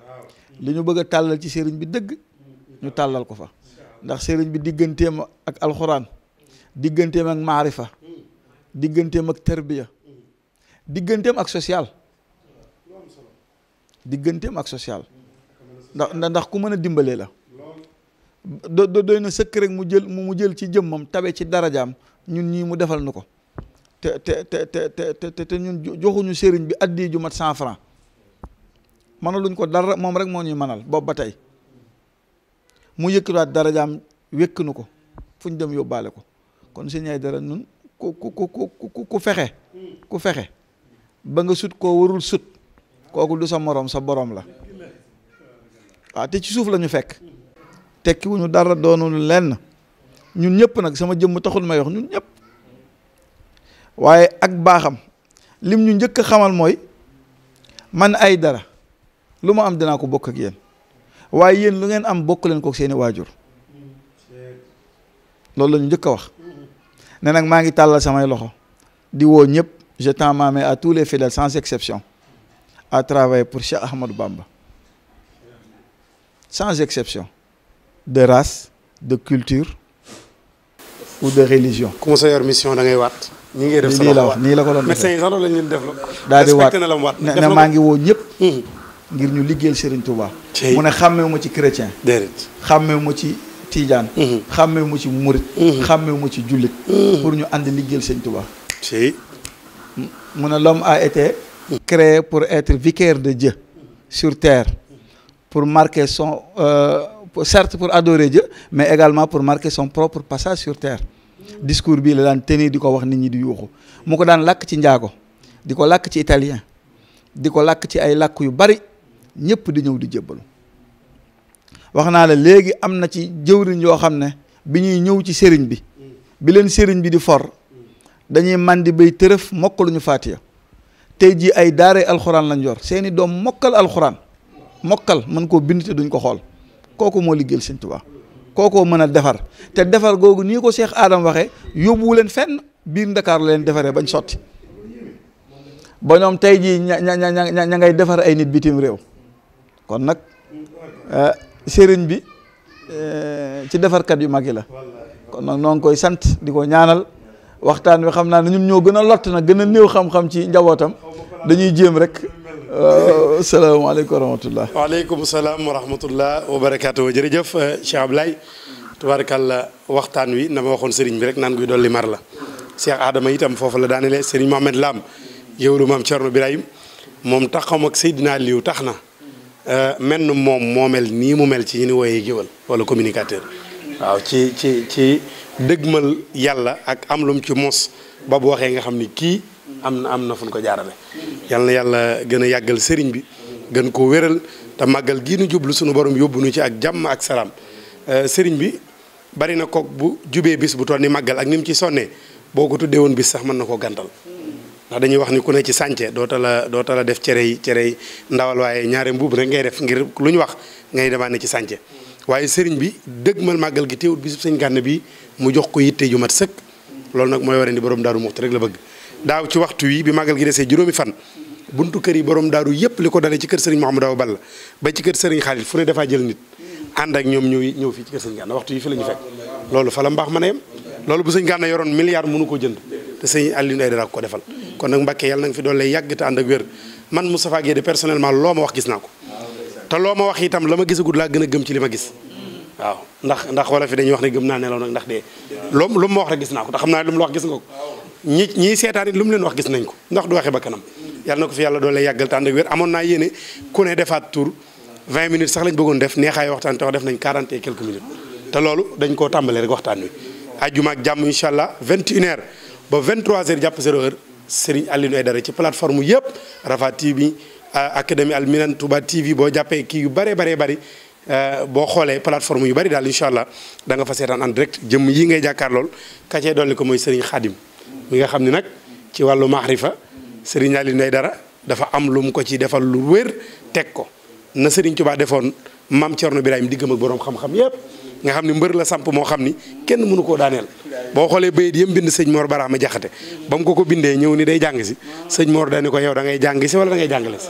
li ñu bëgg a tàllal ci sëriñ bi dëgg ñu tàllal ko fa ndax sëriñ bi digganteem ak alxuraan digganteem ak maarifa digganteem ak tarbiya digganteem ak social digganteem ak social ndax ndax ku mën a dimbalee la do doy na sëkk rek mu jël mu mu jël ci jëmmam tabe ci darajaam ñun ñii mu defal nu ko te te te te te te ñun joxuñu sëriñ bi addi ju mat cent franc mënaluñ ko dara moom rek moo ñuy mënal boobu ba tey mu yëkkiwaat darajaam wékk nu ko fu ñu dem yóbbaale ko kon sëñ ay dara ñun ku ku ku ku fexe ku fexe ba nga sut koo warul sut kooku du sa moroom sa boroom la waaw te ci suuf la ñu fekk tekkiwuñu wuñu dara doonul lenn ñun ñëpp nag sama jëmm taxul may wax ñun ñëpp waaye ak baaxam lim ñu njëkk a xamal mooy man ay dara lu ma am dinaa ko bokk ak yéen waaye yéen lu ngeen am bokk leen ko seeni waajur loolu la ñu njëkk a wax ne nag maa ngi tàllal samay loxo di woo ñëpp je tends ma main à tous les fidèles sans exception à travailler pour Cheikh Ahmadou Bamba sans exception de race de culture ou de religion. ku mu sa yor mission da waat. ñu ngi def sa nii la wax la ko doon defee médecin yi la ñuy waat ne maa ngi woo ñëpp. Hmm. ngir ñu liggéeyal Serigne Touba. mu ne xàmmewu ma ci chrétien. déedéet xàmmewu ma ci tiijaan. Hmm. xàmmewu ma ci murit. Hmm. xàmmewu ma ci jullit. pour ñu ànd liggéeyal Serigne Touba. mu ne l'homme a été. créé pour être vicaire de Dieu sur terre pour marquer son. Euh, certes pour adorer Dieu mais également pour marquer son propre passage sur terre discours bii la daan tenir di ko wax nit ñi di yuuxu mu ko daan làkk ci njaago di ko làkk ci italien di ko làkk ci ay làkk yu bari ñëpp di ñëw di jébbalu wax naa la léegi am na ci jëwriñ yoo xam ne bi ñuy ñëw ci sëriñ bi bi leen sëriñ bi di for dañuy man màndi bay tërëf mokkaluñu faatiya tey jii ay daaree alxuraan lañ yor seeni doom mokkal alxuraan mokkal mën koo bind duñ ko xool kooku moo liggéeyal sëñ Tuubaa kookoo mën a defar te defar googu nii ko seex Adam waxee yóbbuwu leen fenn biir Ndakaar la leen defaree bañ sotti ba ñoom tey jii ña ña ña ña ngay defar ay nit bitim réew kon nag eh, sëriñ bi eh, ci defarkat yu mag yi la kon nag noo ngi koy sant di ko ñaanal waxtaan wi xam naa ne ñun ñoo gën a lott na gën a néew xam-xam ci njabootam dañuy jéem rek. Euh, salaamaaleykum wa rahmatulah. waaleykum salaam wa rahmatulah wa barakaatu jërëjëf euh, Cheikh Ablaye. tubaarkàlla waxtaan wi na waxoon sëriñ bi rek naan guy li mar la. Cheikh Adama itam foofu la daanelee sëriñ Mohamed Lam. yow lu maam Thierno Birahim moom taxam ak Seydina Aliou tax na. Euh, menn moom moo mel nii mu mel ci ñu ni wooyee géwal wala communicateur. waaw ci ci ci dëgmal yàlla ak am lum ci mos ba bu waxee nga xam ni kii. am na am na fu ñu ko jaarale mm-hmm. yal na yàlla gën a yàggal sëriñ bi gën koo wéral te màggal gii nu jublu suñu borom yóbbu nu ci ak jàmm ak salaam euh, sëriñ bi bari na kook bu jubee bis bu toll ni màggal ak ni mu ci boo ko tuddee woon sax mën na koo gantal mm-hmm. ndax dañuy wax ni ku ne ci sànce dootal a doota la def cere yi cere yi ndawal waaye ñaare mbuub rek ngay def ngir lu ñu wax ngay demaa ne ci sànce mm-hmm. waaye sëriñ bi dëgmal màggal gi teewut bisub sëñ Gana bi mu jox ko yitte ju mat sëkk loolu nag mooy waree ni borom daaru muxti rek la bëgg daaw ci waxtu wii bi màggal gi desee juróomi fan buntu kër yi borom daaru yëpp li ko dalee ci kër sëriñ Mouhamadou Awa Balla ba ci kër sëriñ Xaalit fu ne dafaa jël nit ànd ak ñoom ñëw ñëw fii ci kër sëriñ Gànna waxtu yi fi la ñu fekk loolu fa la mbaax mën a yem loolu bu sëñ Gànna yoroon milliard mënu ko jënd te sëñ Alioune Aïdara ko defal kon nag Mbàkke yàlla nanga fi doon lay yàgg te ànd ak wér man Moustapha Guèye de personnellement loo ma wax gis naa ko t loo ma wax itam la ma gisagul laa gën a gëm ci li ma gis waaw ndax ndax wala fi dañuy wax ne gëm naa nelaw nag ndax loo lu ma wax rek naa ko te xam naa lu mu wax nga ko ñi ñiy seetaan it lu mu leen wax gis nañ ko ndax du waxee ba kanam yàlla na ko fi yàlla doole yàggal tànd ak wér amoon naa yéene ku ne defaat tour 20 minutes sax lañ bëggoon def neexaay waxtaan te wax def nañ 40 et quelques minutes te loolu dañ ko tàmbalee rek waxtaan wi ajjuma ak jàmm incha allah 21 heures ba 23 heures jàpp 0 heure Serigne Alioune Aidara ci plateforme yëpp Rafa TV euh, Académie Al Minan Touba TV boo jàppee kii yu bëree bëri euh, boo xoolee plateforme yu bëri daal incha allah da nga fa seetaan en direct jëmm yi ngay jàkkaar lool ka ko mooy Serigne Khadim mi nga xam ni nag ci wàllu maarifa Serigne Aliou Ndeye Dara dafa am lu mu ko ci defal lu wér teg ko na Serigne Touba defoon maam Thierno Birahim diggam ak borom xam-xam yëpp nga xam ni mbër la samp moo xam ni kenn mënu koo daaneel boo xoolee bayit yëm bind sëñ moor baraa Baraama Jaxate ba mu ko ko bindee ñëw ni day jàng si sëñ moor Mor dañu ko yow da ngay jàng si wala da ngay jàngale si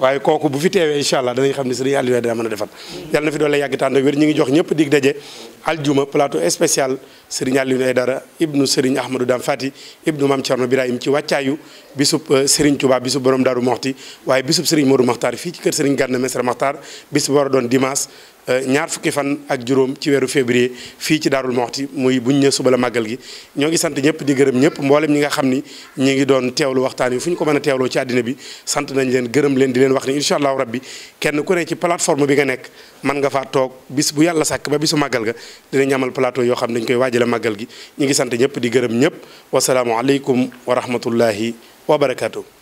waaye kooku bu fi teewee incha allah danañ xam ne sëriñ Aliou dina mën a defar yàlla na fi doole yàgg tànn wér ñu ngi jox ñëpp dig daje aljuma plateau spécial sëriñ Aliou Aidara ibnu sëriñ Ahmadou Dame Fati ibnu Mame Thierno Birahim ci wàccaayu bisub euh, sëriñ Touba bisub borom Daaru Moxti waaye bisub sëriñ Modou Maxtaar fii ci kër sëriñ Gana Messere Maxtaar bis bu war a doon dimanche Euh, ñaar fukki fan ak juróom ci weeru février fii ci Daarul Moxti muy buñ ñëw suba la màggal gi ñoo ngi sant ñëpp di gërëm ñëpp mboolem ñi xam ni ñi ngi doon teewlu waxtaan yi fu ko mën a teewloo ci àddina bi sant nañ leen gërëm di leen wax ni incha allahu rabbi kenn ku ne ci plateforme bi nga nekk man nga faa toog bis bu yàlla sàkk bisu màggal ga dinañ amal plateau yoo xam dañ koy waajale màggal gi ñi ngi sant ñëpp di gërëm ñëpp wasalaamu aleykum wa rahmatullahi wa barakatuh